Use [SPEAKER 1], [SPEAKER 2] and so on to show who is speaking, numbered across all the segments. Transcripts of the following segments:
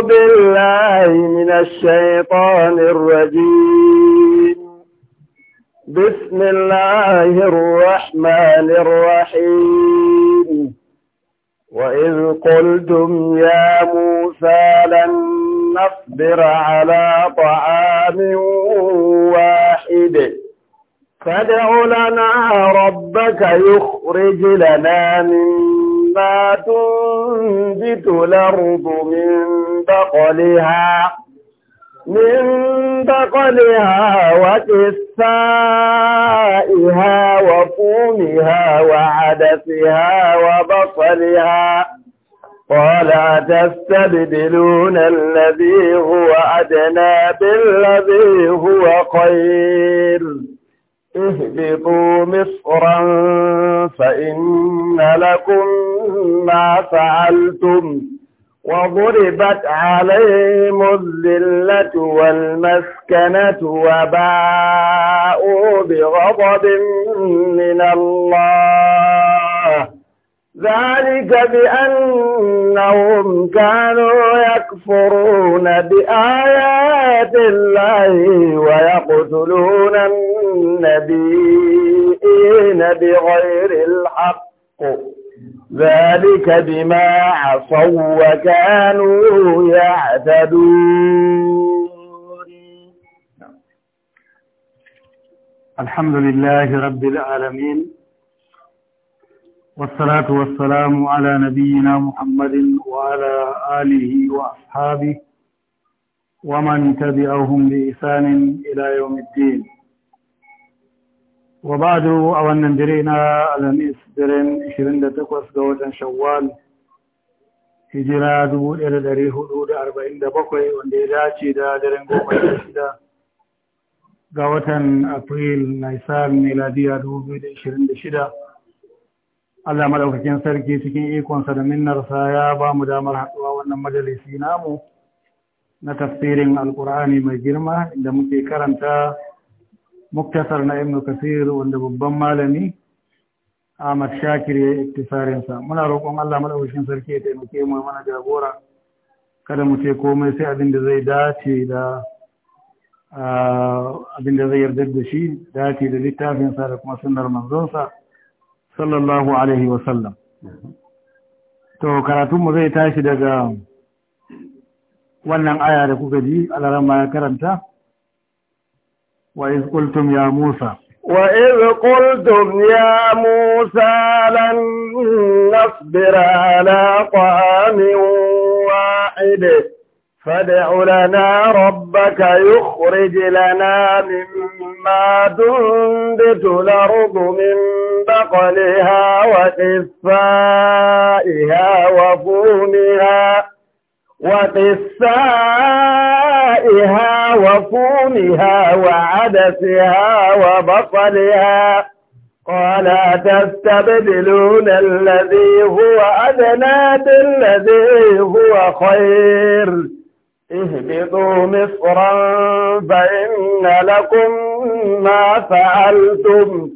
[SPEAKER 1] بالله من الشيطان الرجيم بسم الله الرحمن الرحيم وإذ قلتم يا موسى لن نصبر على طعام واحد فادع لنا ربك يخرج لنا مما تنصر تنبت الأرض من بقلها من بقلها وكسائها وفومها وعدسها وبصلها قال تستبدلون الذي هو أدنى بالذي هو خير اهبطوا مصرا فإن لكم ما فعلتم وضربت عليهم الذلة والمسكنة وباءوا بغضب من الله ذلك بأنهم كانوا يكفرون بآيات الله ويقتلون النبيين بغير الحق ذلك بما عصوا وكانوا يعتدون
[SPEAKER 2] الحمد لله رب العالمين والصلاة والسلام على نبينا محمد وعلى آله وأصحابه ومن تبعهم بإحسان إلى يوم الدين وبعد أولا درينا على نسدرين شرين دتكوس قوة شوال hijira dubu ɗaya da ɗari hudu da arba'in da bakwai wanda ya dace da daren goma da shida ga watan april nisan miladiya dubu biyu da ishirin da shida Allah madaukakin sarki cikin ikonsa da minnarsa ya ba mu damar haɗuwa wannan majalisi namu na tafsirin alkur'ani mai girma inda muke karanta muktasar na ibnu kasir wanda babban malami Ahmad Shakir ya sa muna roƙon Allah madaukakin sarki ya taimake mu mana jagora kada mu ce komai sai abin da zai dace da ah, abin da zai yarda da shi dace da littafinsa da kuma sunnar manzonsa sallallahu alaihi wasallam to karatunmu zai tashi daga wannan aya da kuka ji alarama ya karanta wa iz qultum ya musa
[SPEAKER 1] wa iz qultum ya musa lan nasbira ala qamin wahid فادع لنا ربك يخرج لنا مما تنبت الأرض من بقلها وقفائها وفومها وقفائها وفومها وعدسها وبصلها قال تستبدلون الذي هو أدنى بالذي هو خير اهبطوا مصرا فإن لكم ما فعلتم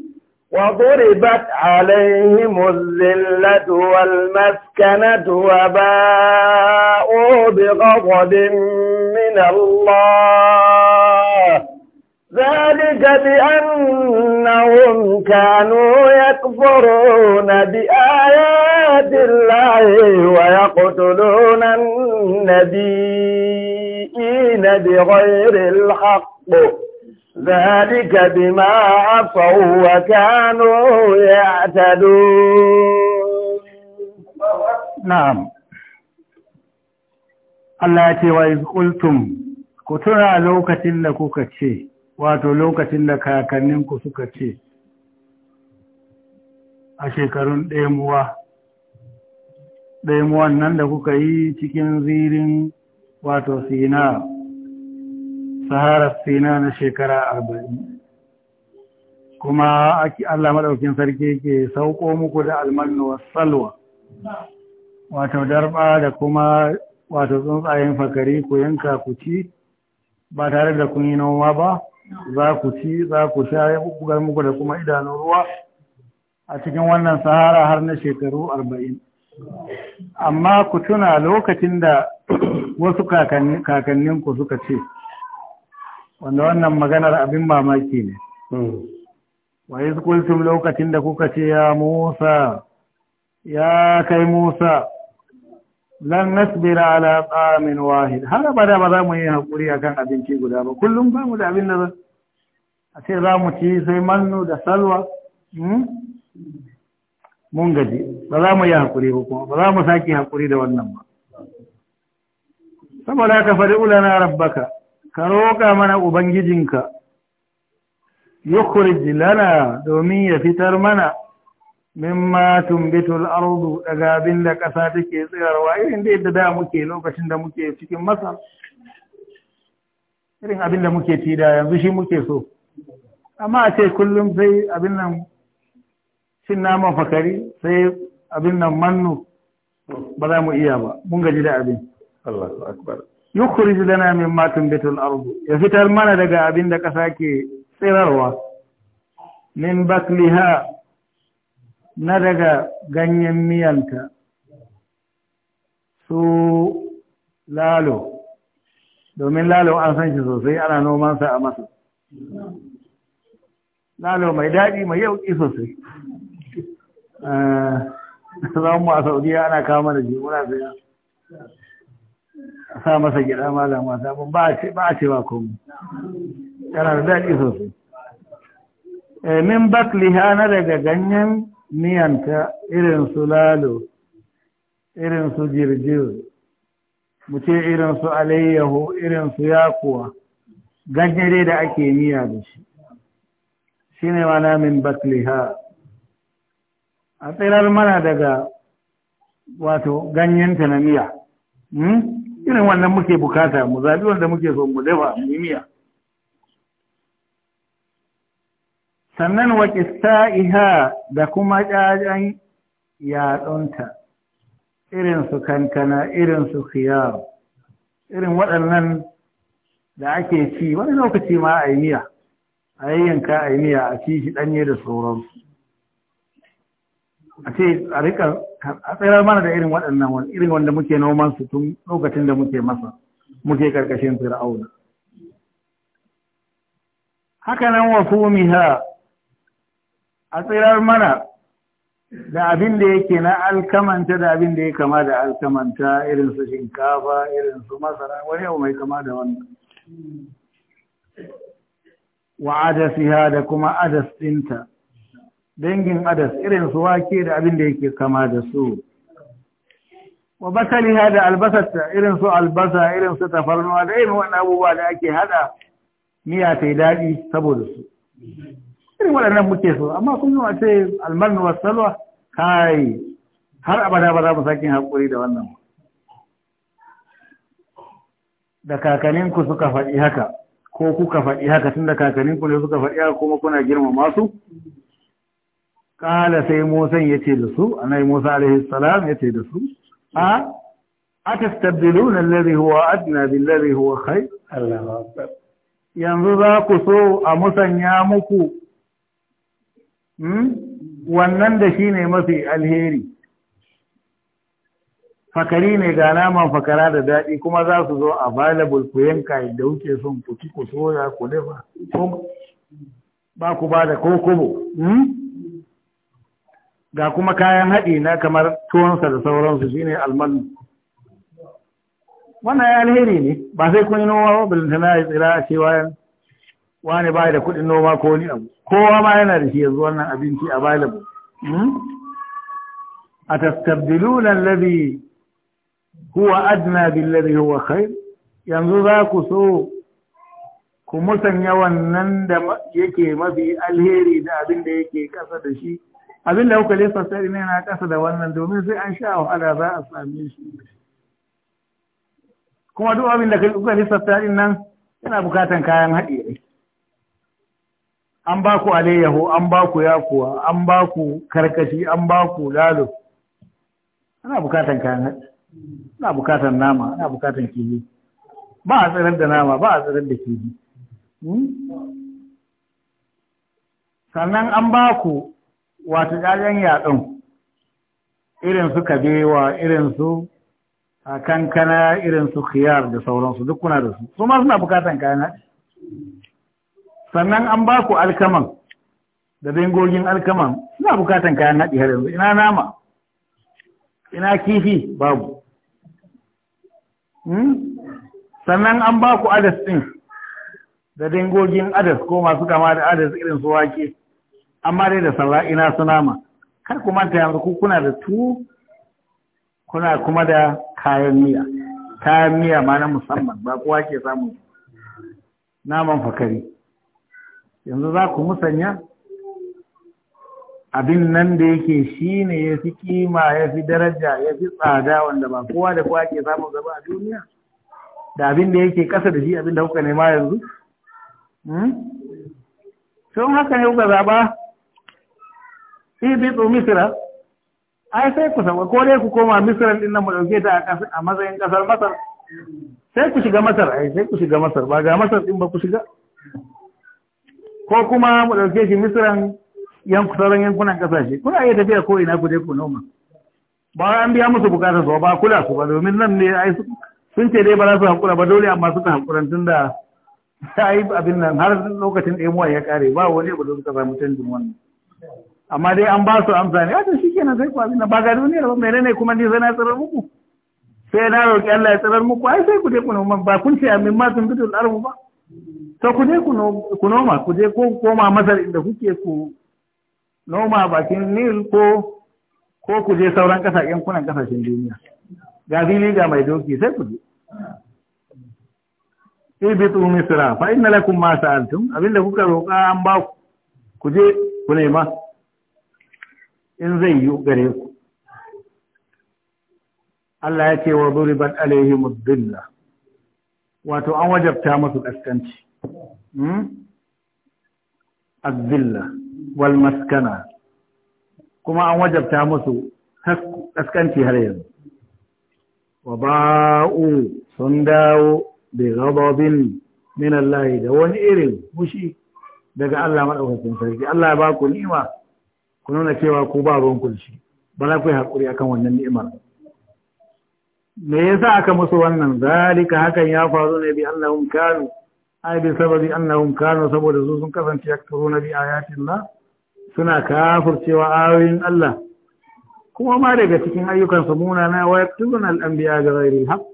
[SPEAKER 1] وضربت عليهم الذلة والمسكنة وباءوا بغضب من الله ذلك بأنهم كانوا يكفرون بآيات الله ويقتلون النبيين بغير الحق ذلك بما عصوا وكانوا يعتدون نعم الله يتي وإذ قلتم
[SPEAKER 2] كتنا لوكة لكوكة شيء wato lokacin da kakanninku suka ce a shekarun ɗaimuwa ɗaimuwan nan da kuka yi cikin zirin wato sina saharar sina na shekara arba'in kuma Allah maɗaukin sarki ke sauko muku da almannuwar salwa wato darba da kuma wato tsuntsayen fakari ku yanka ku ci ba tare da kun yi noma ba za ku ci za ku sha ya bugar muku da kuma idanun ruwa a cikin wannan sahara har na shekaru arba'in amma ku tuna lokacin da wasu kakanninku suka ce wanda wannan maganar abin mamaki ne hmm. wai kultum lokacin da kuka ce ya musa ya kai musa lan nasbira ala ta'amin wahid har abada ba za mu yi hakuri akan abinci guda ba kullum ba mu da abin da a ce za mu ci sai mannu da salwa hmm? mun gaji ba za mu yi hakuri ba kuma ba za mu saki hakuri da wannan ba saboda ka fari ulana rabbaka ka roka mana ubangijinka yukhrij lana domin ya fitar mana mimma tumbitul ardu daga abin da ƙasa take tsirarwa irin da yadda da muke lokacin da muke cikin masar irin abin da muke tida yanzu shi muke so amma a ce kullum sai abin nan cin nama fakari sai abin nan mannu ba za mu iya ba mun gaji da abin
[SPEAKER 1] Allahu akbar
[SPEAKER 2] yukhrij lana mimma tumbitul ardu ya fitar mana daga abin da ƙasa ke tsirarwa min bakliha na daga ganyen miyanta su lalo domin lalo an san shi sosai ana nomansa a masa lalo mai daɗi mai yauƙi sosai eh, za mu a saudiya ana kama da jimuna zai sa masa gida malama sabon ba a cewa komi yana da daɗi sosai eh, min bakliha na daga ganyen Niyanta, irin su lalo irin su jirjir mu ce irin su alayyahu irin su yakuwa gajere da ake miya da shi shi ne mana min bakliha a tsirar mana daga wato ganyenta na miya hmm? irin wannan muke bukata mu zaɓi wanda muke so mu dafa mu miya sannan wa ƙista'iha da kuma ƙyajen yaɗonta irinsu kankana irinsu su khiyar irin waɗannan da ake ci wani lokaci ma a yi miya a yayyanka a yi miya a ci shi ɗanye da sauransu a ce a rika a tsirar mana da irin waɗannan wani, irin wanda muke noman su tun lokacin da muke masa muke karkashin fir'auna haka nan wa fumiha a tsirar mana da abin da yake na alkamanta da abin da ya kama da alkamanta irin su shinkafa irin su masara wani abu mai kama da wannan wa adasiha da kuma adas dinta, dangin adas irin su wake da abin da yake kama da su wa basaliha da albasarta irin su albasa irin su tafarnuwa da irin wannan abubuwa da ake hada miya ta daɗi saboda su irin waɗannan muke so amma kun yi ce almarni wa salwa kai har abada ba za mu sake haƙuri da wannan da kakaninku suka faɗi haka ko kuka faɗi haka tun da kakaninku ne suka faɗi haka kuma kuna girmama su kala sai Musa ya ce da su anai musa alaihi salam ya ce da su a atastabdiluna alladhi huwa adna billadhi huwa khair Allahu akbar yanzu za ku so a musanya muku Hmm? wannan da shi ne mafi alheri fakari ne ga naman fakara da daɗi kuma za su zo available ku yanka da kuke son ku ci ku soya ku dafa ba ku ba da kokobo hmm? ga kuma kayan haɗi na kamar tuwonsa da sauransu shine almanu. wannan ya alheri ne ba sai kun yi noma ba bilintana ya tsira a cewa wani baya da kuɗin noma ko wani abu kowa ma yana da shi yanzu wannan abinci a available hmm? a tastabdiluna alladhi huwa adna billadhi huwa khair yanzu za ku so ku musanya wannan da yake mafi alheri da abin da yake kasa da shi abin da kuka lissa sai ne na kasa da wannan domin sai an sha wahala za a same shi kuma duk abin da kuka lissa sai nan yana bukatan kayan haɗi an ba ku alayyahu an ba ku yakuwa an ba ku karkashi an ba ku lalo ana bukatan kayan hatsi ana bukatan nama ana bukatan kifi ba a tsirar da nama ba a tsirar da kifi hmm?
[SPEAKER 1] sannan an ba
[SPEAKER 2] ku wato ƴaƴan yaɗon irin su kabewa irin su kankana irin su khiyar da sauransu duk kuna da su su ma suna bukatan kayan hatsi sannan an ba ku alkaman da bengogin alkaman ina bukatan kayan naɗi har yanzu ina nama ina kifi babu hmm? sannan an ba ku adas ɗin da dangogin adas ko masu kama da adas irin su wake amma dai da sarra ina su nama kar ku manta yanzu ku kuna da tuwo kuna kuma da kayan miya kayan miya ma na musamman ba kowa ke samu naman fakari yanzu za ku musanya abin nan da yake shi ne ya fi kima ya fi daraja ya fi tsada wanda ba kowa da kowa ke samun zaba a duniya da abin da yake kasa da shi abin da kuka nema yanzu sun hmm? haka ne kuka zaba ibitu misira ai sai ku saba ko dai ku koma misiran din nan mu dauke ta a matsayin kasar masar sai ku shiga masar ai sai ku shiga masar ba ga masar din ba ku shiga ko kuma mu ɗauke shi misiran sauran yankunan ƙasashe kuna iya tafiya ko ina ku je ku noma ba an biya musu bukatar su ba kula su ba domin nan ne ai sun ce dai ba za su haƙura ba dole amma suka haƙuran tun da ta yi abin nan har lokacin ɗemuwa ya ƙare ba wani abu zai suka samu canjin wannan amma dai an ba su amsa ne wato ah, shikenan sai ku abin nan ba ga duniyar ba menene kuma ni zai na tsirar muku sai na roƙi Allah ya tsirar muku ai sai ku je ku noma ba kun ce amin ma sun fitul armu ba to ku je ku noma ku je ko koma masar inda kuke ku noma bakin nil ko ko ku je sauran ƙasa yankunan ƙasashen duniya ga fili ga mai doki sai ku je ibitu misra fa inna lakum ma sa'altum abinda kuka roƙa an ba ku ku je ku nema in zai yi gare ku Allah ya ce wa duribat alaihim dillah wato an wajabta musu ƙaskanci hmm? azilla wal maskana kuma an wajabta musu ƙaskanci har yanzu wa ba'u sun dawo bi ghadabin min Allah da wani irin Bushi, daga Allah madaukakin sarki Allah ya ba ku ni'ima ku nuna cewa ku ba ruwan kulshi ba za ku yi hakuri akan wannan ni'imar me yasa aka musu wannan zalika hakan ya faru ne bi annahum kanu ai bi sababi annahum kanu saboda su sun kasance yakfuruna bi ayatillah suna kafircewa ayoyin Allah kuma ma daga cikin ayyukan su na wa yaktuluna al-anbiya bi ghairi haqq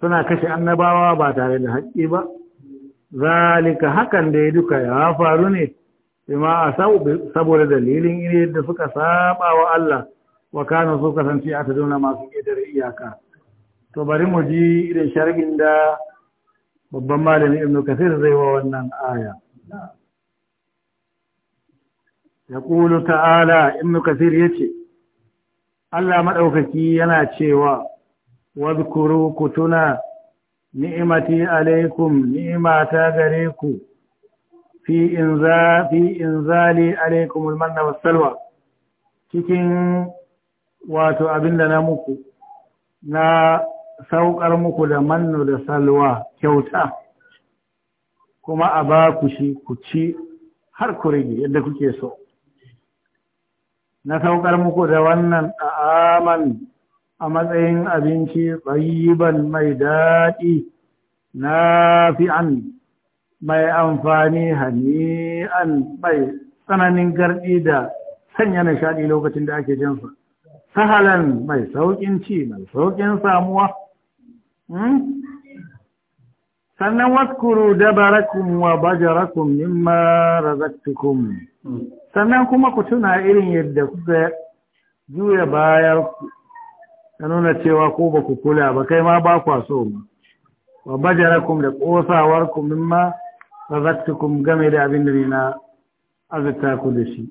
[SPEAKER 2] suna kashe annabawa ba tare da haƙƙi ba zalika hakan da ya duka ya faru ne bima asau saboda dalilin yadda suka saba wa Allah wa kana su kasance a taduna masu kedar iyaka to bari mu ji irin sharhin da babban malami ibn kasir zai wa wannan aya Kulu ta'ala ibn kasir ce. Allah maɗaukaki yana cewa ku tuna ni'imati alaikum ni'ima ta gare ku fi inza fi inzali alaikum almanna wassalwa cikin wato abinda na muku na saukar muku da mannu da salwa kyauta kuma a ba ku shi ku ci har ku rage yadda kuke so na saukar muku da wannan aman a matsayin abinci tsayiban mai daɗi na fi'an mai amfani hani'an mai tsananin garɗi da sanya nishaɗi lokacin da ake jinsa sahalan mai sauƙin ci mai sauƙin samuwa Hmm? sannan waskuru dabarakum wa bajarakum mimma razaqtukum hmm. sannan kuma ku tuna irin yadda kuka juya bayar ku. ta nuna cewa ko ba ku kula ba kai ma ba kwa so wa bajarakum da kosawarkum mimma razaqtukum game da abin da na azurta ku da shi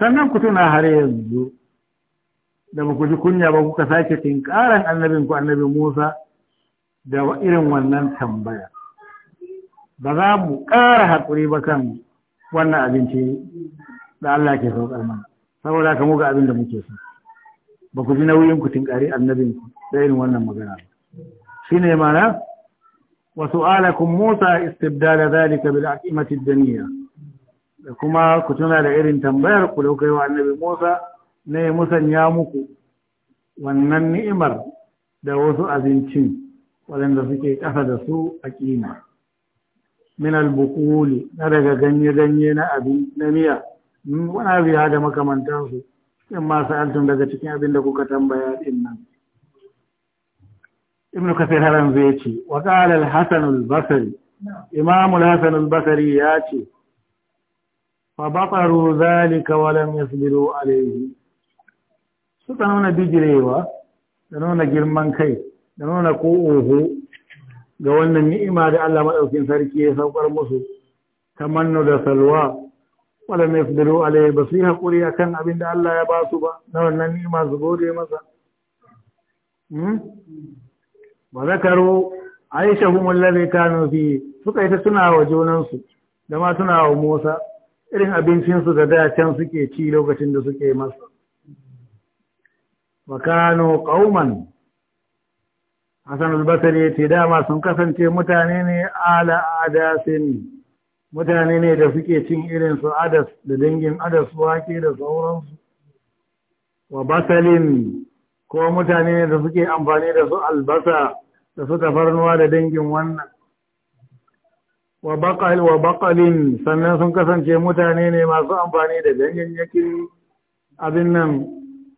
[SPEAKER 2] sannan ku tuna har yanzu da ba ku ji kunya ba kuka sake tinkaran annabinku annabi Musa da irin wannan tambaya ba za mu ƙara haƙuri ba kan wannan abinci da Allah ke saukar mana saboda ka muga abin da muke so ba ku ji nauyin ku tinkari annabin ku da irin wannan magana Shi ne mana wa Alakun Musa istibdala zalika bil aqimati ad-dunya da kuma ku tuna da irin tambayar ku da kai wa annabi Musa ne musanya muku wannan ni'imar da wasu abincin waɗanda suke ƙasa da su a ƙima min albukuli na daga ganye-ganye na abin na miya mm, wani abu ya da makamantansu in masu altun daga cikin abin da kuka tambaya ɗin nan ibnu kasir haran zai ce wa qala al al imam ya ce fa bataru zalika wa yasbiru suka nuna bijirewa da nuna girman kai da nuna ko oho ga wannan ni'ima da Allah maɗaukin sarki ya saukar musu ta manno da salwa wala mai fidaro alai ba su yi haƙuri a kan abin da Allah ya basu ba na wannan ni'ima su gode masa ba hmm? zakaro aisha humul ladai kanu fi suka yi ta tuna wa junansu da ma tuna wa Musa irin abincinsu da da can suke ci lokacin da suke masa wa kanu qauman Hassan al-Basri ce dama sun kasance mutane ne ala adasin mutane ne da suke cin irin su adas da dangin adas wake da sauransu wa basalin ko mutane ne da suke amfani da su albasa da su tafarnuwa da dangin wannan wa baqal wa baqalin sannan sun kasance mutane ne masu amfani da ganyayyakin abin nan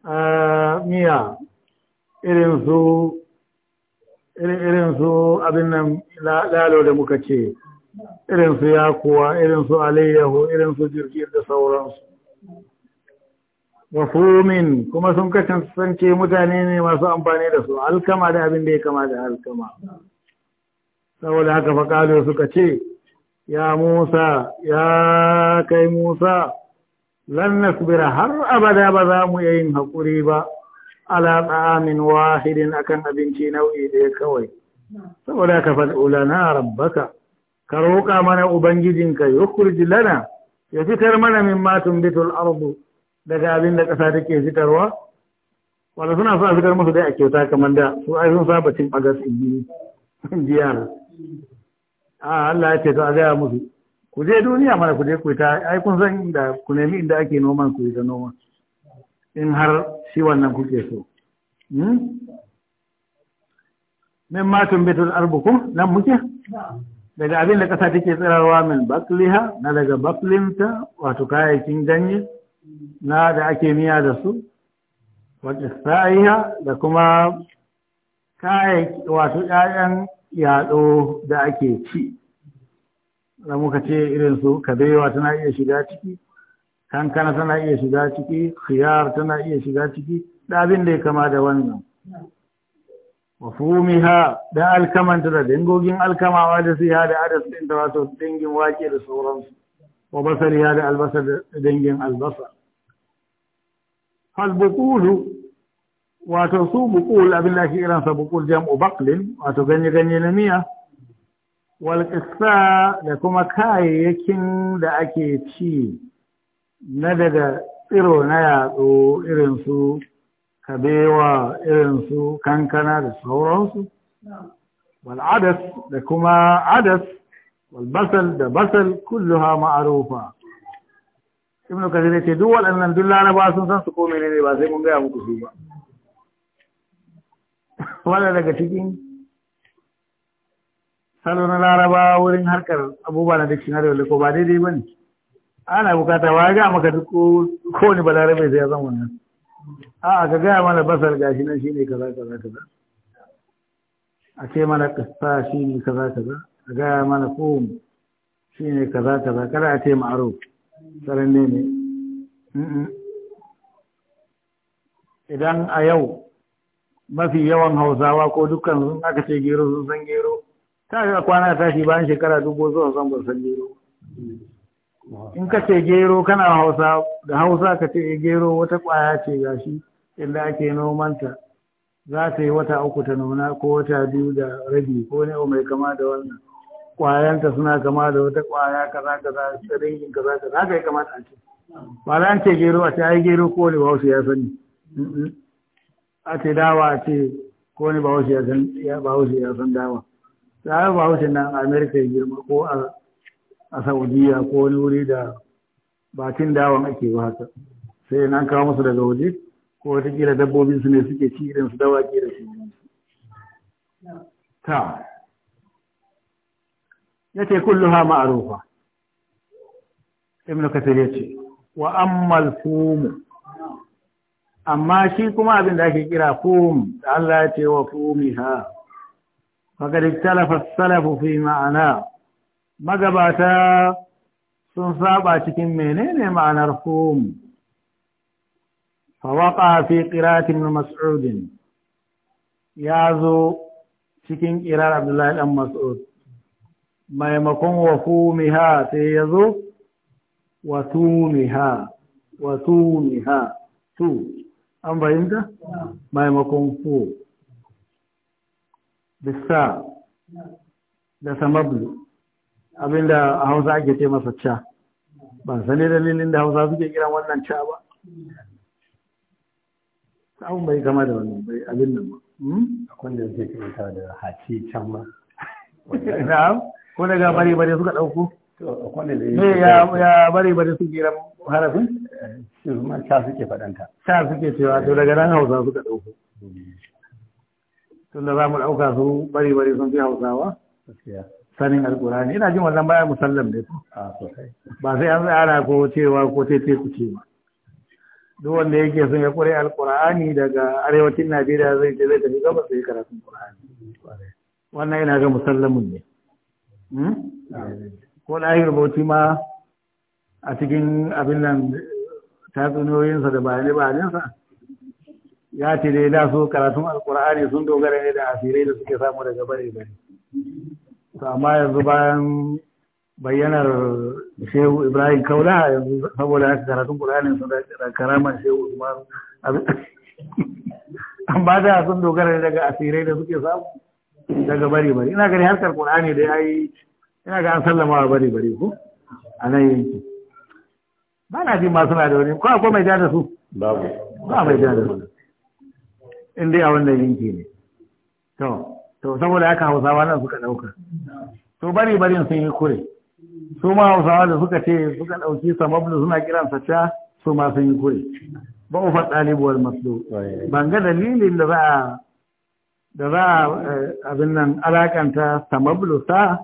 [SPEAKER 2] eh, miya irin su irin su abin nan lalo da muka ce irin su yakuwa irin su alayyahu irin su jirgin da sauransu wafumin kuma sun kasance mutane ne masu amfani da su alkama da abin da ya kama da alkama saboda haka faƙalo suka ce ya musa ya kai musa lannas bira har abada ba za mu yayin haƙuri ba ala ta'amin wahidin akan abinci nau'i ɗaya kawai saboda ka fad'ula na rabbaka ka roƙa mana ubangijinka yukhruj lana ya fitar mana min matun bitul ardu daga abin da ƙasa take fitarwa wanda suna so a fitar musu dai a kyauta kamar da su ai sun saba cin agas ibini jiyana a Allah ya ce to a gaya musu ku je duniya mana ku je ku ta ai kun san inda ku nemi inda ake noman ku yi ta noman in har shi wannan kuke so hmm? min matun bitul arbukum nan muke daga abin da ƙasa take tsirarwa min bakliha na daga baklinta wato kayayyakin ganye na da ake miya da su wata sa'iha da kuma kayayyaki wato ƴaƴan yaɗo da ake ci da muka ce irin su kabewa tana iya shiga ciki kankana tana iya shiga ciki khiyar tana iya shiga ciki da abin da ya kama da wannan wa fumiha da alkamanta da dangogin alkamawa da su da adas ɗin da wato dangin wake da sauransu wa ya da albasa da dangin albasa hal bukulu, wato su bukul abin da ke iran bukul jam'u baqlin wato ganye ganye na miya wal da kuma kayayyakin da ake ci na daga tsiro na yatsu irin kabewa irin kankana da sauransu wal'adas da kuma adas walbasal da basal kullu ha ma'arufa ibn kasir ce duk waɗannan duk laraba sun san su ko menene ba sai mun gaya muku su ba wanda daga cikin salo na laraba wurin harkar abubuwa na dictionary ko ba daidai ba ne ana bukata wa ga maka duk ko ni balarabe sai ya zama wannan a'a ka gaya mana basar gashi nan shine kaza kaza kaza a ce mana kasta shine kaza kaza a gaya mana kohum shine kaza kaza kada a ce ma'aro saranne ne idan a yau mafi yawan hausawa ko dukkan sun aka ce gero sun san gero ta yi a kwana tashi bayan shekara dubu zuwa ba san gero in ka ce gero kana hausa da hausa ka ce eh, gero wata ƙwaya ce gashi inda ake nomanta za ta yi wata uku ta nuna ko wata biyu da rabi ko ne mai kama da wannan ƙwayanta suna kama da wata ƙwaya kaza kaza tsirin kaza kaza haka ya kamata a ce ba za ce gero a ce ai gero ko ne bahaushe ya sani a ce dawa a ce ko ne bahaushe ya san dawa Za yi bahaushe nan a amerika ya girma ko a a saudiya ko wani wuri da bakin dawon ake ba haka sai an kawo musu daga waje ko watakila dabbobin su ne suke ci irin su dawaki da shi ta ya ce kullu ha ma'arufa ibn kasir ya ce wa ammal fumu amma shi kuma abin da ake kira fum da Allah ya ce wa fumiha ha. ikhtalafa as-salafu fi ma'ana magabata sun saba cikin menene ma'anar hum fawaƙa fi ƙiratin mas'udin ya zo cikin qirar abdullahi ɗan mas'ud maimakon wa fumiha sai ya zo wa tumiha wa tumiha tu an fahimta maimakon fu bisa da samabu abinda a hausa ake ce masa ca ban sani dalilin da hausa suke kiran wannan ca ba abin bai kama da wannan bai abin nan ba hmm? wanda suke kiranta da haci can ba ko daga bare bare suka dauko ne ya bare bare suke kiran harafin eh, shi ma ca suke faɗanta ca suke cewa to daga nan hausa suka dauko hmm. tunda za mu dauka su bare bare sun fi hausawa gaskiya sanin alkurani ina jin wannan baya musallam ne ah, ba sai an tsara ko cewa ko tete ku ce ba duk wanda yake son ya kure alkurani daga arewacin najeriya zai je zai tafi gaba sai karatun kurani wannan ina ga musallamun ne hmm? ko yi rubutu ma a cikin abin nan ta tsunoyinsa da bayanai bayaninsa ya ce dai da su karatun alkurani sun dogara ne da asirai da suke samu daga bare bare amma yanzu bayan bayyanar shehu ibrahim kaula yanzu saboda haka karatun ƙuranin su da karamar shehu umar an ba da sun dogara daga asirai da suke samu daga bari bari ina gani harkar kur'ani da ya yi ina ga an sallama wa bari bari ko a nan yanki ba na jin masu na da wani ko akwai mai ja da su babu ba mai ja da su in dai a wannan yanki ne to to saboda haka hausawa nan suka ɗauka to bari barin sun yi kure su ma hausawa da suka ce suka ɗauki sabablu suna kiransa ca su ma sun yi kure ba ufa ɗalibuwar maslo ban ga dalilin da za a da za a eh, abin nan alakanta samablu sa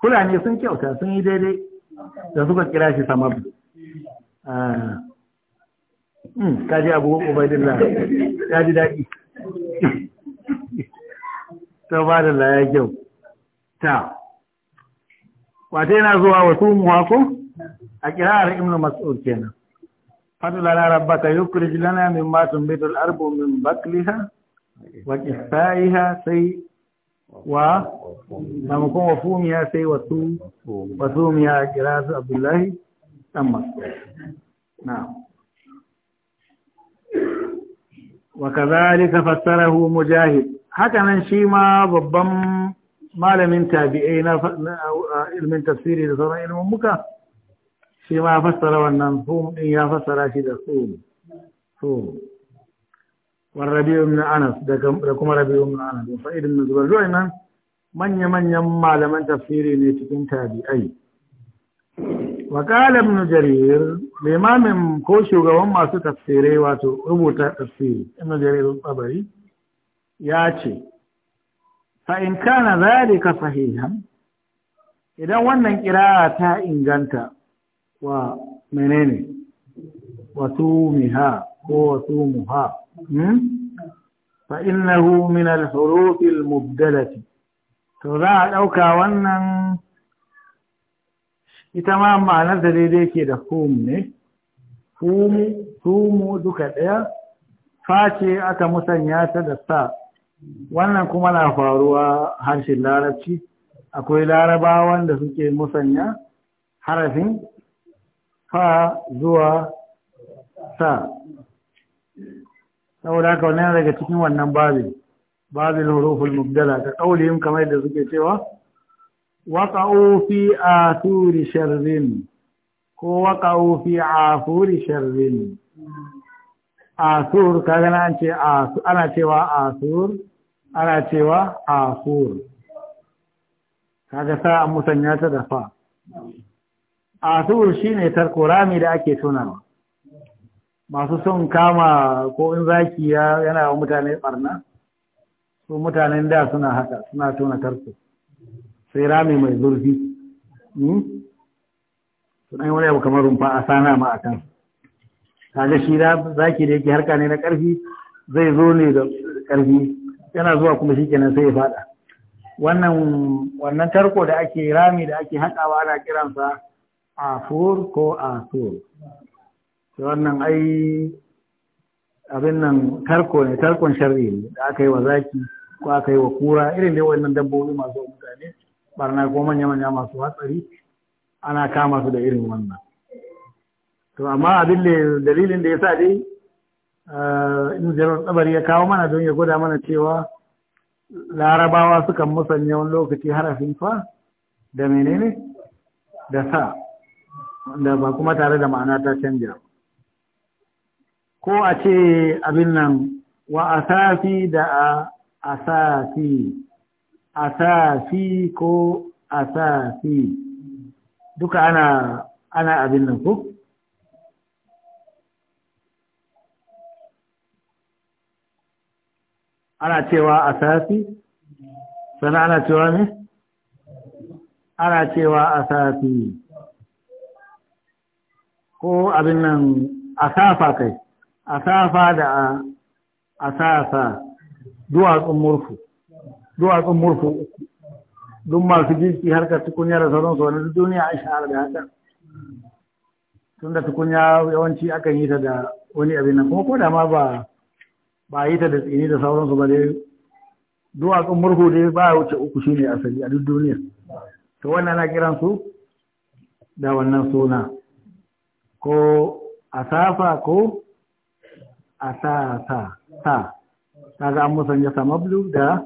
[SPEAKER 2] fulani sun kyauta sun yi daidai da suka kira shi samablu ah. hmm, ka ji abu ubaidillah ya ji daɗi ta ba da laya kyau ta wata yana zuwa wa tumuwa ko a kirar ibnu mas'ud kenan fadu lana rabbaka yukhrij lana mimma tunbitu al-ardu min bakliha wa qithaiha sai wa mamakon wa fumiya sai wa tu wa tumiya a kira su abdullahi dan mas'ud na'am wa kadhalika fassarahu mujahid haka nan shi ma babban malamin tabi'ai na ilmin tafsiri da sauran ilmin muka shi ma fassara wannan sum din ya fassara shi da sum sum wa rabi'u min anas da kuma rabi'u min anas da sa'id ibn zubair zuwa nan manya manyan malaman tafsiri ne cikin tabi'ai wa qala ibn jarir limamin ko shugaban masu tafsirai wato rubuta tafsiri ibn jarir tabari ya ce fa'in kana ka sahihan idan wannan ƙira'a ta inganta wa menene wasu miha ko wasu muha hmm? fa'innahu min alhurufil mubdalati to za a ɗauka wannan ita ma ma'anar da daidai ke da hum ne humu duka ɗaya face aka musanya ta da sa wannan kuma na faruwa harshen larabci akwai larabawan da suke musanya harafin fa zuwa sa saboda haka wannan daga cikin wannan babin babin huruful mubdala ka yin kamar yadda suke cewa waqa'u fi aturi sharrin ko waqa'u fi afuri sharrin asur kaga an ce ana cewa asur ana cewa ahur kaga sa an musanya ta da fa shi shine tarko rami da ake tunawa masu son kama ko in zaki yana wa mutane barna su mutanen da suna haka suna tona tarko sai rami mai zurfi sunan hmm? wani abu kamar rumfa a sana ma a kan kaga shi zaki da yake harka ne na karfi zai zo ne da karfi yana zuwa kuma shi kenan sai ya fada wannan tarko da ake rami da ake haɗawa ana kiransa a fur ko a to wannan ai abin nan tarko ne tarkon sharri ne da aka yi wa zaki ko aka yi wa kura irin dai wannan dabbobi masu mutane barna ko manya manya masu hatsari ana kama su da irin wannan to amma abin da dalilin da yasa dai Eh, in jirar tsabari ya kawo mana don ya gwada mana cewa larabawa sukan musanya wani lokaci harafin fa da menene da sa da ba kuma tare da ma'ana ta canja ko a ce abin nan wa asafi da a asafi asafi ko asafi duka ana ana abin nan ko ana cewa asasi sana ana cewa ne ana cewa asasi ko abin nan asafa kai asafa da asafa duwatsun murfu duwatsun murfu duk masu girki harkar tukunya da sauran sauransu wani duniya a shahara da tun tunda tukunya yawanci akan yi ta da wani abin nan kuma ko da ma ba ba yi ta da tsini da sauransu ba dai duwatsun murhu dai ba wuce uku shine asali a duk duniya to wannan na kiran su da wannan suna ko asafa ko asasa ta ta ga an musanya samablu da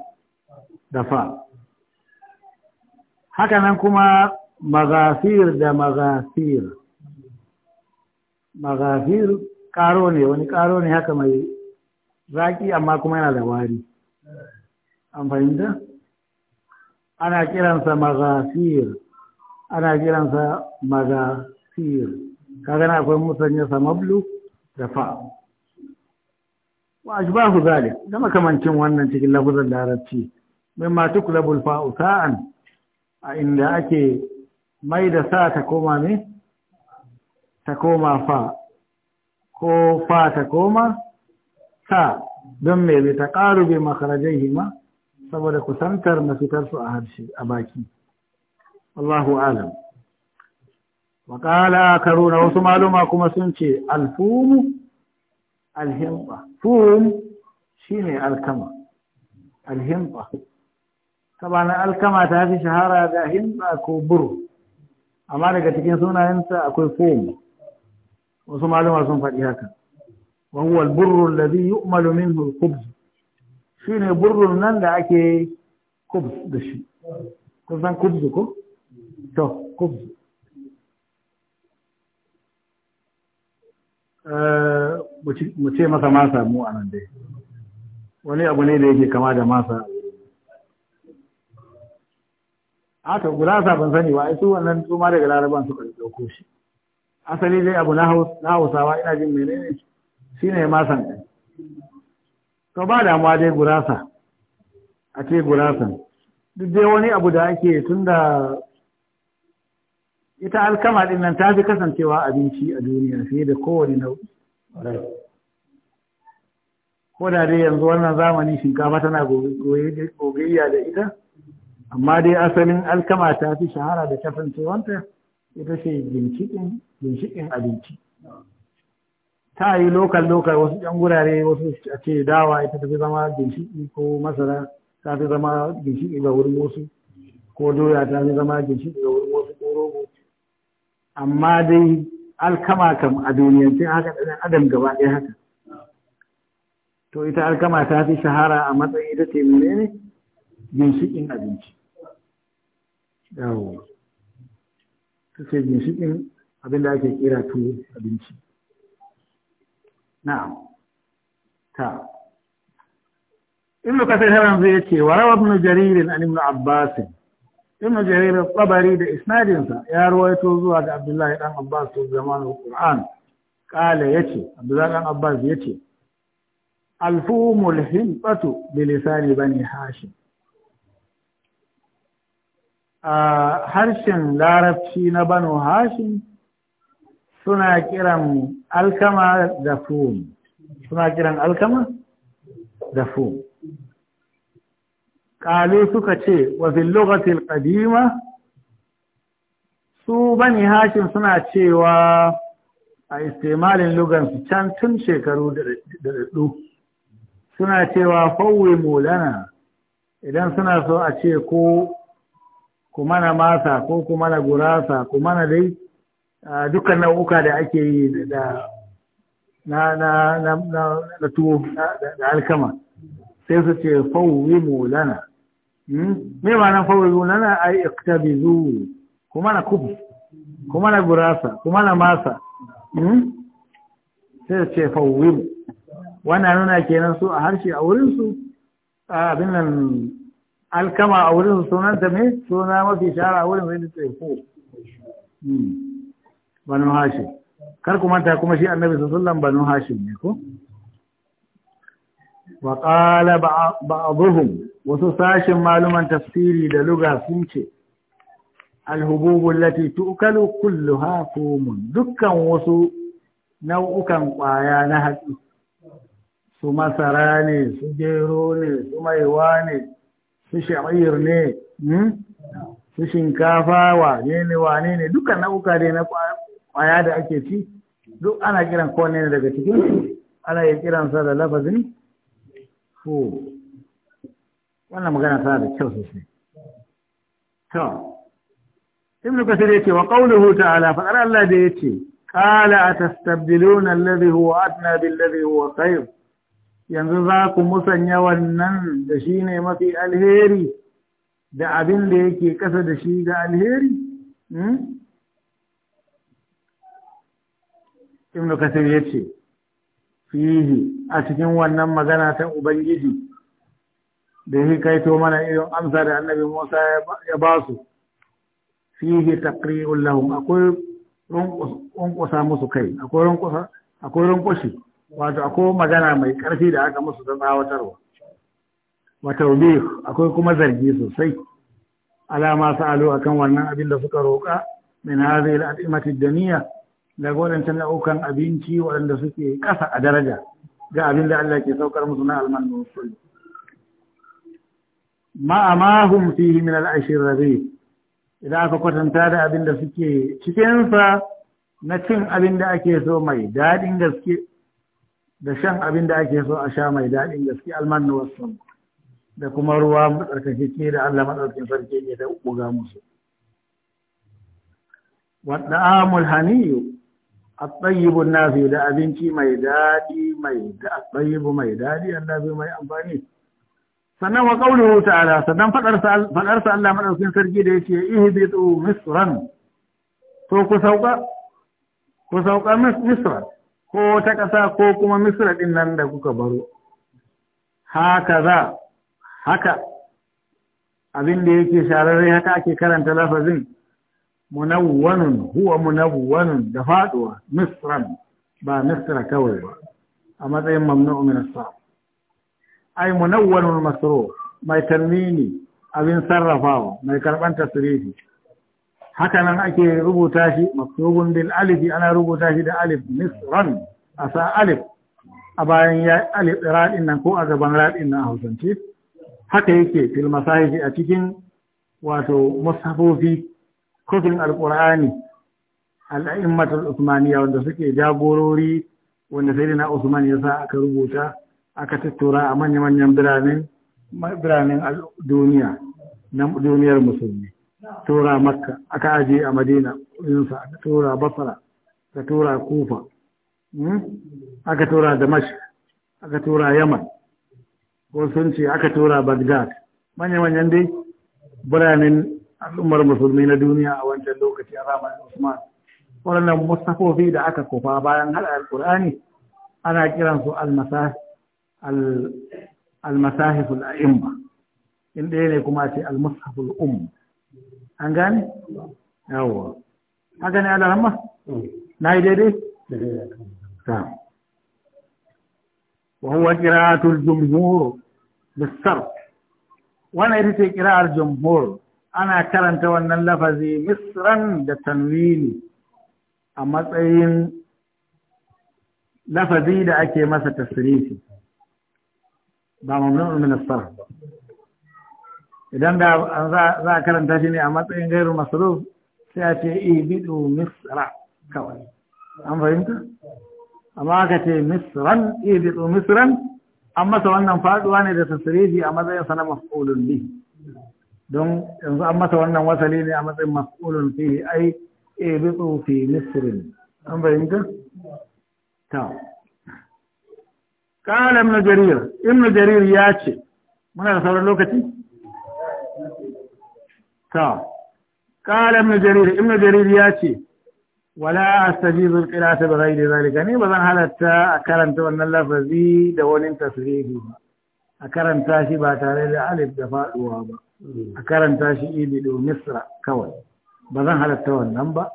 [SPEAKER 2] da fa haka nan kuma magafir da magafir magafir karo ne wani karo ne haka mai zaƙi amma kuma yana da wari an fahimta ana kiransa magafir ana kiransa magafir kaga na akwai musanya mablu da fa wa ajbahu zalik da makamancin wannan cikin lafazan larabci ma tuklabul fa'u sa'an a inda ake mai da sa ta koma ne ta koma fa ko fa ta koma sa don mai bai ta ƙaru bai makarajen hima saboda kusantar mafitarsu a harshe a baki Allahu alam wa ƙala na wasu maluma kuma sun ce alfumu alhimba fum shine alkama alhimba sabanin alkama ta fi shahara da himba ko buru amma daga cikin sunayenta akwai fum wasu maluma sun faɗi haka wa البر الذي يؤمل منه الخبز minhu البر khubz shine burrun nan da ake kubz da shi san kubz ko to kubz mu ce masa masa mu dai wani abu ne da yake kama da masa aka gurasa ban sani ba su wannan su ma daga laraban suka ɗauko shi asali dai abu na hausawa ina jin menene shi ne masan to ba damuwa dai gurasa a ce gurasan duk dai wani abu da ake tun da ita alkama din nan ta fi kasancewa abinci a duniya fiye da kowane nau'i ko da dai yanzu wannan zamani shinkafa tana gogayya da ita amma dai asalin alkama ta fi shahara da kasancewanta ita ce ginshiƙin abinci ta yi lokal lokal wasu yan gurare wasu a ce dawa ita tafi zama ginshiki ko masara ta fi zama ginshiki ga wurin wasu ko doya ta fi zama ginshiki
[SPEAKER 1] ga wurin wasu ko rogo
[SPEAKER 2] amma dai alkama kam a sai haka ɗan adam gaba ɗaya haka to ita alkama ta fi shahara a matsayin ita ce ne ginshiƙin abinci yawo ta ce ginshiƙin abin da ake kira tuwo abinci na'am ta ibnu kasir haram zai ce wa rawa ibnu jarir an ibnu abbas ibnu jarir al-tabari da isnadin sa ya ruwaito zuwa ga abdullahi dan abbas to zamanin qur'an qala yace abdullahi dan abbas yace alfumul himqatu bilisani bani hashim harshen larabci na bano hashim suna kiran alkama da fum suna kiran alkama da fum ƙalu suka ce wa fil lokacin ƙadima su bani hashin suna cewa a istimalin lugansu can tun shekaru da daɗu suna cewa fawwe mulana idan suna so a ce ko ku mana masa ko ku mana gurasa ku mana dai dukkan nau'uka da ake yi da na na na na tuwo da alkama sai su ce mu lana hmm? me ma'anar mu lana ai iktabizu kuma na kubu kuma na gurasa kuma na masa hmm? sai su ce fawwimu wannan nuna kenan su a harshe a wurin su? abin nan alkama a wurin su sunanta me suna mafi shara a wurin wani ce ko banu hashim kar ku manta kuma shi annabi sallallahu banu hashim ne ko wa qala ba'dhum wasu sashin maluman tafsiri da luga sun ce hubub lati tu'kalu kulluha fumun dukkan wasu nau'ukan kwaya na hatsi su masara ne su gero ne su maiwa ne su sha'ir ne hmm? su shinkafa wa ne ne wane ne dukkan nau'uka ne na ƙwaya da ake ci duk ana kiran ne daga cikin ana iya kiransa da lafazin fu wannan magana tana da kyau sosai to ibnu kasir yace wa qawluhu ta'ala fa Allah da yace qala atastabdiluna alladhi huwa adna billadhi huwa khair yanzu za ku musanya wannan da shi ne mafi alheri da abin da yake kasa da shi da alheri hmm? ibn kasir ya ce fihi a cikin wannan magana ta ubangiji da ya kaito mana irin amsa da annabi musa ya ba su fihi taqri'un lahum akwai runkusa musu kai akwai wato akwai magana mai ƙarfi da aka musu don tsawatarwa Wata akwai kuma zargi sosai alama sa'alu akan wannan abin da suka roƙa min zai al-adimati da niyya. daga na ukan abinci waɗanda suke ƙasa a daraja ga abin da Allah ke saukar musu na Ma a ma'amahum fihi min al'ashin rabi, idan aka kwatanta da abin da suke cikinsa na cin abin da ake so mai daɗin gaske da shan abin da ake so a sha mai daɗin gaske almanu wasu da kuma ruwa matsarkakeke da Allah matsarkin sarki ke ta buga musu wadda amul haniyu at-tayyibun nafi da abinci mai daɗi mai at-tayyibu mai daɗi Allah zai mai amfani sannan wa qawluhu ta'ala sannan faɗarsa Allah maɗaukin sarki da yace ihbitu misran to ku sauka ku sauka misra ko ta ƙasa ko kuma misra ɗin nan da kuka baro haka za haka abin da yake shararre haka ake karanta lafazin munawwanun huwa munawwanun da faduwa misran ba misra kawai ba a matsayin mamnu'u min as-sarf ay munawwanul masruf mai tarmini abin sarrafawa mai karban tasrifi haka nan ake rubuta shi maktubun bil alif ana rubuta shi da alif misran asa alif a bayan ya alif radin nan ko a gaban radin nan a Hausance haka yake fil a cikin wato musafofi. kofin alƙur'ani al'immatul usmaniya wanda suke jagorori wanda sai na usman ya sa aka rubuta aka tattura a manya-manyan biranen biranen duniya na duniyar musulmi tura makka aka ajiye a madina yinsa aka tura basara aka tura kufa hmm? aka tura damash aka tura yaman ko sun ce aka tura bagdad manya-manyan dai biranen al'ummar musulmi na duniya a wancan lokaci a zamanin Usman. Waɗannan mustafofi da aka kofa bayan hada Al-Qur'ani, ana su al al a'imma. In ɗaya ne kuma ce al al um. An gane? Yawwa. Haka ne alhamma? Na yi daidai? Ta. Wa huwa qira'atul jumhur bis-sarf. Wannan ita ce qira'ar jumhur ana karanta wannan lafazi misran da tanwini a matsayin lafazi da ake masa tasirifi ba mamnun ministar idan da za a karanta shi ne a matsayin gairu masaruf sai a ce ibidu eh, misra kawai an fahimta amma aka ce misran ibidu eh, misran an masa wannan faduwa ne da tasirifi a matsayin sana maf'ulun bi. don yanzu an masa wannan wasali ne a matsayin mas'ulun fi ai e bitsu fi misrin an bayyanta ta kala ibn jarir ibn jarir ya ce muna da sauran lokaci ta kala ibn jarir ibn jarir ya ce wala astajizu alqira'ata bi ghayri zalika ni bazan halatta a karanta wannan lafazi da wani tasrihi a karanta shi ba tare da alif da faduwa ba a karanta shi ibidu misra kawai ba zan halatta wannan ba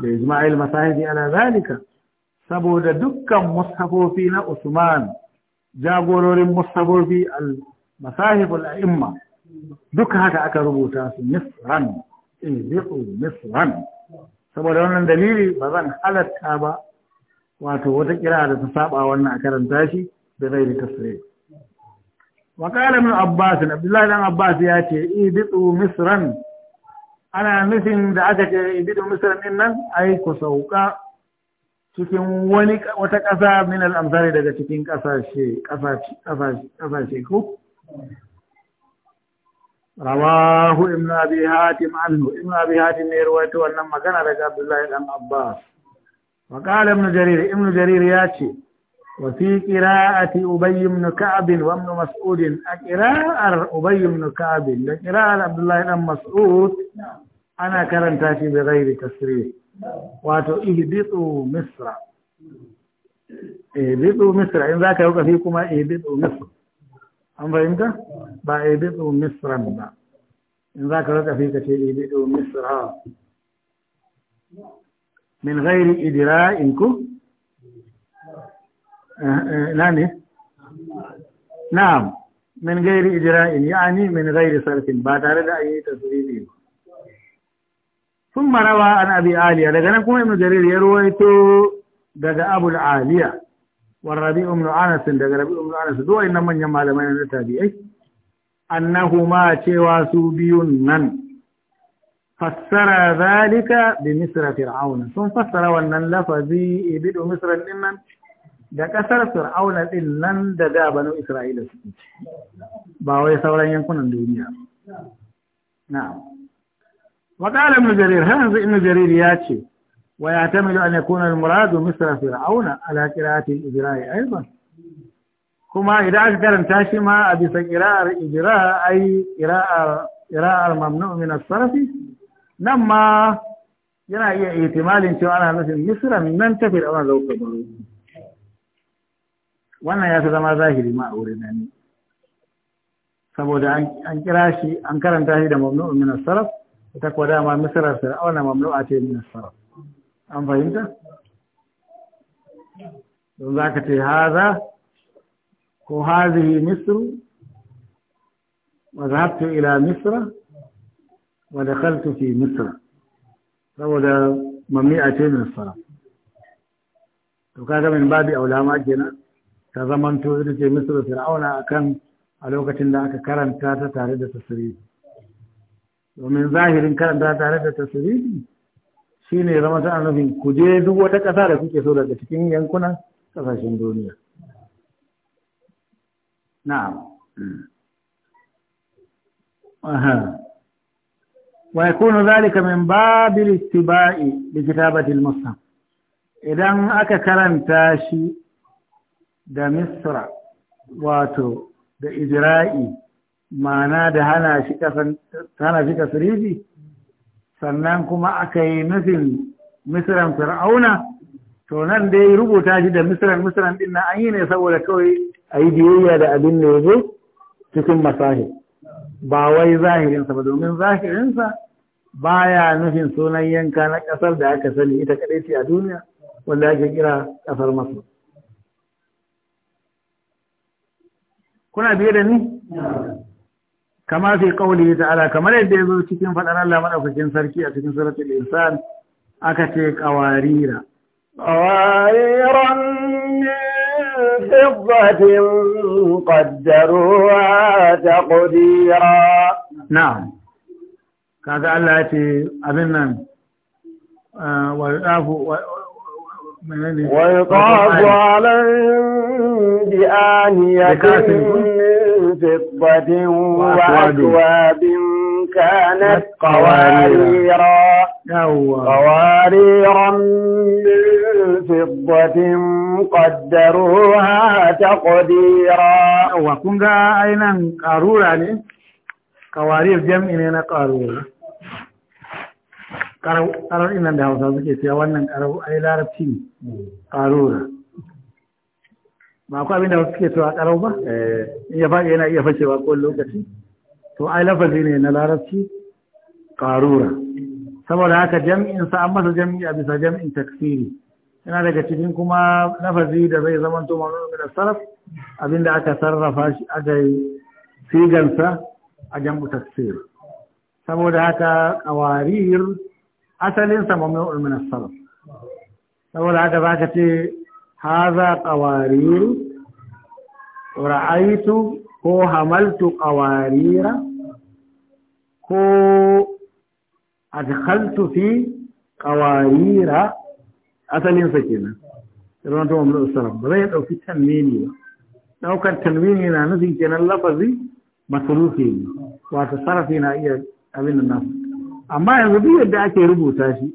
[SPEAKER 2] da ijma'il masahidi ala zalika saboda dukkan mustafofi na Usman jagororin mustafofi al masahibul a'imma duka haka aka rubuta su misran ibidu misran saboda wannan dalili ba zan halatta ba wato wata kira da ta saba wannan a karanta shi da zai tasiri وقال qala عباس abbas abdullahi بن abbas ya ce ibidu انا ana nufin da aka ce اي misran nan ai ku cikin wani wata ƙasa min al'amsari daga cikin ƙasashe ƙasashe ko rawahu ibn
[SPEAKER 1] abi hatim
[SPEAKER 2] anhu ibn abi hatim ne rawaito wannan magana daga abdullahi dan abbas wa qala ibn jarir ibn jarir ya ce وفي قراءة أبي بن كعب وابن مسعود قراءة أبي بن كعب قراءة عبد الله بن مسعود أنا كرنت بغير تسريح واتو اهبطوا مصر اهبطوا مصر إن ذاك يوقع فيكما اهبطوا مصر أم فهمت؟ با اهبطوا مصر إن ذاك يوقع فيك شيء اهبطوا مصر من غير إدراء إنكم آه، آه، نعم. نعم من غير إجراء يعني من غير صرف بعد رد أي تصريف ثم روى عن أبي عالية لقد نقوم ابن جرير يرويت دقى أبو العالية والربيع من عانس دقى ربيع من عانس دو إن من يمع لمن التابعي أنهما تواسوبي من فسر ذلك بمصر فرعون ثم فسر ونن لفظي إبدو مصر لمن da ƙasar fir'auna ɗin nan da da banu isra'ila suke ba wai sauran yankunan duniya na'am وقال ابن جرير هنز ابن جرير ياتي ويعتمد أن يكون المراد مثل فرعون على قراءة الإجراء أيضا كما إذا أذكر تاشما أبي قراءة الإجراء أي قراءة قراءة الممنوع من الصرف نما yana iya ihtimalin cewa ana nufin misra nan ta fir'auna da لو baro wannan ya fi zama zahiri ma a wurin nan saboda an kira shi an karanta shi da mamnu'un min as-sarf ita kuwa dama misra fir'auna mamnu'a ce min as-sarf an fahimta don za ka ce haza ko hazihi misru wa zahabtu ila misra wa dakhaltu fi misra saboda mamnu'a ce min as-sarf to kaga min babi aulama kenan ta zamanto ita ce misra fir'auna akan a lokacin da aka karanta ta tare da tasiri domin zahirin karanta tare da tasiri shi ne zama ta nufin ku je duk wata ƙasa da kuke so daga cikin yankunan ƙasashen duniya na'am aha wa yakunu zalika min babil istiba'i bi kitabati al-musnad idan aka karanta shi da misra wato da ijra'i ma'ana da hana shi sirifi sannan kuma aka yi nufin misran fir'auna to nan dai rubuta shi da misran misran din an yi ne saboda kawai a yi biyayya da abin da ya zo cikin masahi ba wai zahirinsa ba domin zahirinsa baya nufin sunan yanka na ƙasar da aka sani ita kaɗai ce a duniya wanda ake kira ƙasar masar kuna biye da ni kama fi qawli ta'ala kamar yadda ya zo cikin faɗar Allah madaukakin sarki a cikin suratul
[SPEAKER 1] insan aka ce qawarira qawariran فضة قدروها
[SPEAKER 2] تقديرا نعم كذا الله يأتي أبنا
[SPEAKER 1] والآف ويطاف عليهم بآنية من فضة وأكواب كانت قواريرا قواريرا من فضة قدروها تقديرا وكنا أين قارورا
[SPEAKER 2] قوارير جمع إلينا قارورا ƙarar ina da hausa suke cewa wannan ƙarar ai larabci ne karura ba ku abin da suke cewa ƙarar ba in eh. ya faɗi yana iya fashewa ko lokaci to ai lafazi ne na larabci karura saboda haka jami'in sa an masa jami'i a bisa jami'in taksiri yana daga cikin kuma lafazi da zai zama to ma'anar da sarraf abinda aka sarrafa shi aka yi sigansa a jam'u taksiri saboda haka kawarir asalinsa mamnu'un min as-sarf saboda haka zaka ce haza qawarir ra'aitu ko hamaltu qawarira ko adkhaltu fi qawarira asalinsa kenan irin to mamnu'un sarf ba zai dauki tanwini ba daukar tanwini na nufin kenan lafazi masrufi wato sarfi na iya abin nan amma yanzu duk yadda ake rubuta shi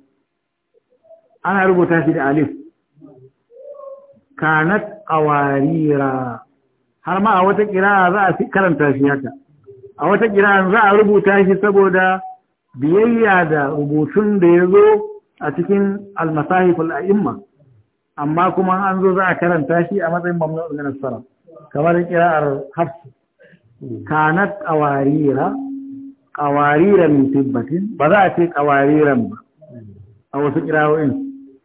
[SPEAKER 2] ana rubuta shi da alif kanat qawarira har ma a wata kira za a karanta shi haka a wata kira za a rubuta shi saboda biyayya da rubutun da ya zo a cikin almasahiful a'imma amma kuma an zo za a karanta shi a matsayin mamnu ɗin nasara kamar kira'ar hafsu kanat qawarira ƙawariran mutubbatin ba za a ce ƙawariran ba a wasu ƙirawo'in.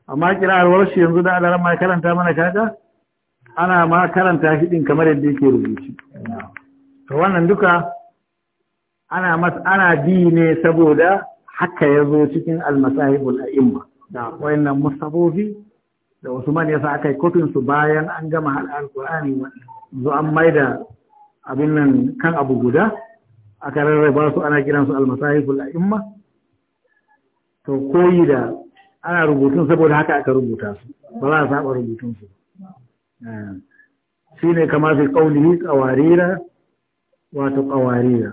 [SPEAKER 2] amma ƙirarwar shi yanzu da alarar ma karanta mana kaga ana ma karanta shi ɗin kamar yadda yake rubuci to wannan duka ana mas ana bi ne saboda haka ya zo cikin almasahibul a'imma wayannan mustafofi da Usman ya sa aka yi kofin su bayan an gama al'alƙur'ani zo an maida abin nan kan abu guda aka rarraba su ana kiransu almasahiful a'imma to koyi da ana rubutun saboda haka aka rubuta su ba za a saba rubutun su eh. shi ne kama fi qaulihi qawarira wato qawarira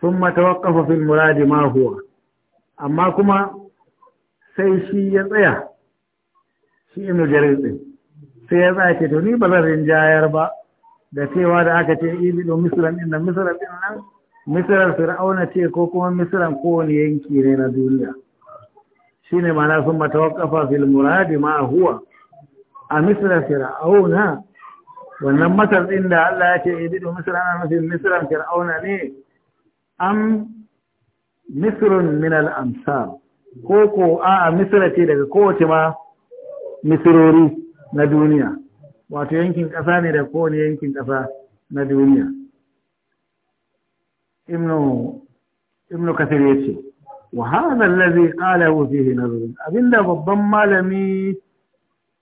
[SPEAKER 2] thumma tawaqqafa fil muradi ma amma kuma sai shi ya tsaya shi ibnu jarir din sai ya tsaya ce to ni ba zan rinjayar ba da cewa da aka ce ibido misiran din nan misiran din nan misiran fir'auna ce ko kuma misiran kowane yanki ne na duniya shine ma'ana sun matawaqqafa fil muradi ma huwa a misiran fir'auna wannan matar din da Allah ya ce ibido misiran na fil misiran fir'auna ne am misrun min al amsar ko ko a misra ce daga kowace ma misrori na duniya wato yankin ƙasa ne da kowane yankin ƙasa na duniya Imnu kasir ya ce
[SPEAKER 1] wa hadha allazi
[SPEAKER 2] qalahu fihi zuwa. abinda babban malami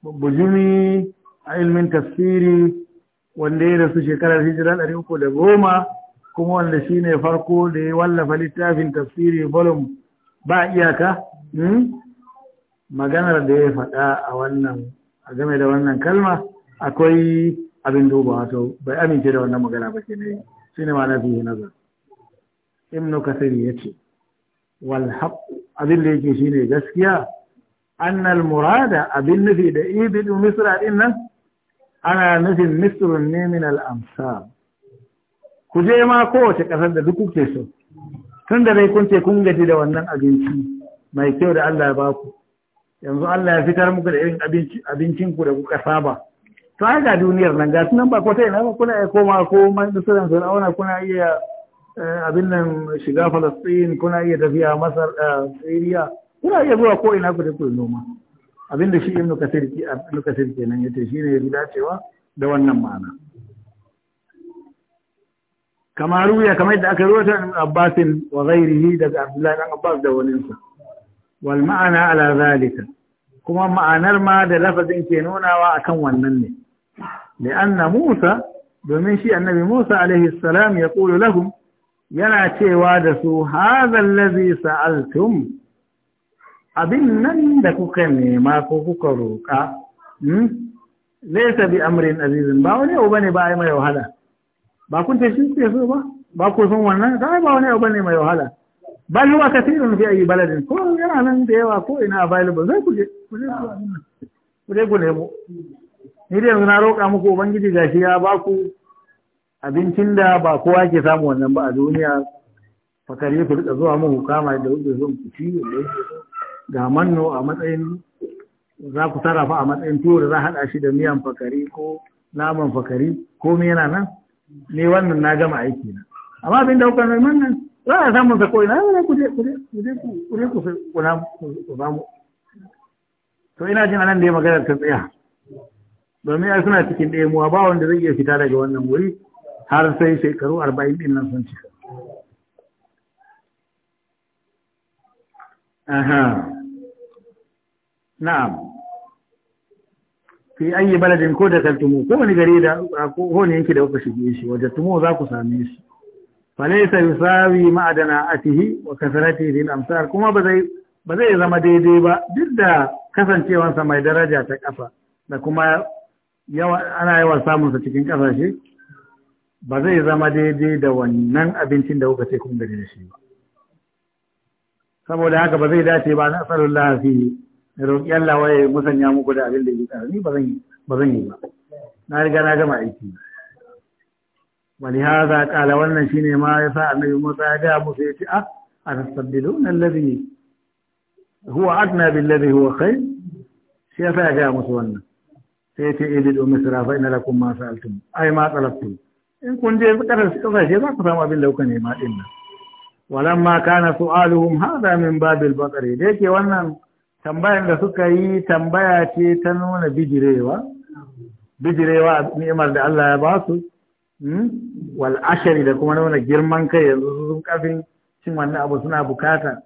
[SPEAKER 2] bujumi a ilmin tafsiri wanda ya rasu shekarar hijira ɗari uku da goma kuma wanda shi ne farko da ya wallafa littafin tafsiri volum ba iyaka hmm? maganar da ya faɗa a wannan a game da wannan kalma akwai abin duba wato bai amince da wannan magana ba ke ne shi ne ma'ana fiye nazar ibnu kasiri ya ce wal abin da yake shine gaskiya annal murada abin nufi da ibidu misra din nan ana nufin misrun ne min al amsal ku je ma kowace ƙasar da duk kuke so tun da dai kun ce kun gaji da wannan abinci mai kyau da Allah ya baku yanzu Allah ya fitar muku da irin abincin ku da kuka saba to ai ga duniyar nan ga sunan ba kwata ina kuna iya koma ko majalisar fir'auna kuna iya eh, abin nan shiga falastin kuna iya tafiya masar eh, siriya kuna iya zuwa ko ina ku da noma abin da shi ibn kasir ibn kasir kenan yace ne ya dacewa da wannan ma'ana kamar ruya kamar yadda aka ruwata ibn abbas wa ghairihi daga abdullahi dan abbas da wani sa. wal ma'ana ala zalika kuma ma'anar ma da lafazin ke nunawa akan wannan ne li'anna Musa domin shi annabi Musa alaihi salam ya qulu lahum yana cewa da su hadha allazi sa'altum abin nan da kuka nema ko kuka roƙa laysa bi amrin azizin ba wani abu bane ba ai mai wahala ba kun ce shi ke so ba ba ku san wannan kai ba wani abu bane mai wahala bal huwa kathirun fi ayi baladin ko yana nan da yawa ko ina available zai ku je ku je ku nemo ni da yanzu na roƙa muku ubangiji gashi ya ba ku abincin da ba kowa ke samu wannan ba a duniya fakari ku rika zuwa muku kama da kuke son ku ci ga manno a matsayin za ku sarrafa a matsayin tuwo da za a haɗa shi da miyan fakari ko naman fakari ko me yana nan ne wannan na gama aiki na amma abin da kuka neman nan za a samun sa ko'ina ne ku je ku je ku je ku je ku ku samu to ina jin anan da ya magana ta tsaya domin ya suna cikin ɗaya muwa ba wanda zai iya fita daga wannan wuri har sai shekaru arba'in ɗin nan sun cika. na'am, fi an yi baladin ko da kaltumo, ko wani gari da ko ne yanki da kuka shige shi, wajen tumo za ku same shi. Falaisa yusawi ma'adana atihi wa kasarati lil amsar kuma ba zai ba zai zama daidai ba duk da kasancewansa mai daraja ta ƙasa da kuma ana yawan samunsa cikin ƙasashe ba zai zama daidai da wannan abincin da kuka ce kun gari da shi ba saboda haka ba zai dace ba na asalin lafi da roƙi Allah waye musanya muku da abin da ke ƙarni ba zan yi ba na riga na gama aiki wani haza ƙala wannan shine ma ya sa annabi musa ya gaya musu ya ce a ah, a tasaddiluna alladhi huwa adna billadhi huwa khair shi ya sa ya gaya musu wannan sai ce idil ummi sirafa ina lakum ma sa'altum ai ma talabtum in kun je kasar kasashe za ku samu abin da kuka nema din nan walamma kana su'aluhum hada min babil baqari da yake wannan tambayar da suka yi tambaya ce ta nuna bijirewa bijirewa ni'imar da Allah ya ba su hmm? wal ashari da kuma nuna girman kai yanzu sun kafin cin wannan abu suna bukata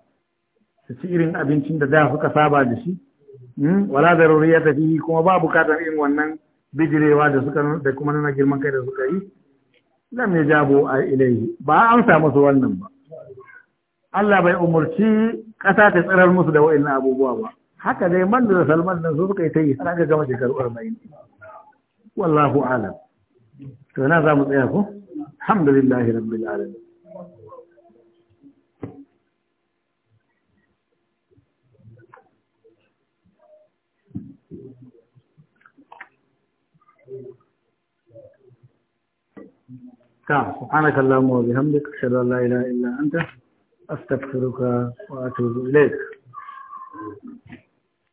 [SPEAKER 2] su ci irin abincin da da suka saba da shi Hmm? wala da daruriyya ta tafi kuma ba bukatar irin wannan bijirewa da suka da kuma nuna girman kai da suka yi lam a ilayhi ba an samu su wannan ba Allah bai umurci ƙasa ta tsirar musu da wa'annan abubuwa ba haka dai man da Salman nan su suka yi ta yi har ga gama shekaru 40 wallahu alam to na za mu tsaya ko alhamdulillahi rabbil alamin ta subhanaka allahumma wa bihamdika ashhadu an la ilaha illa anta astaghfiruka wa atubu ilaik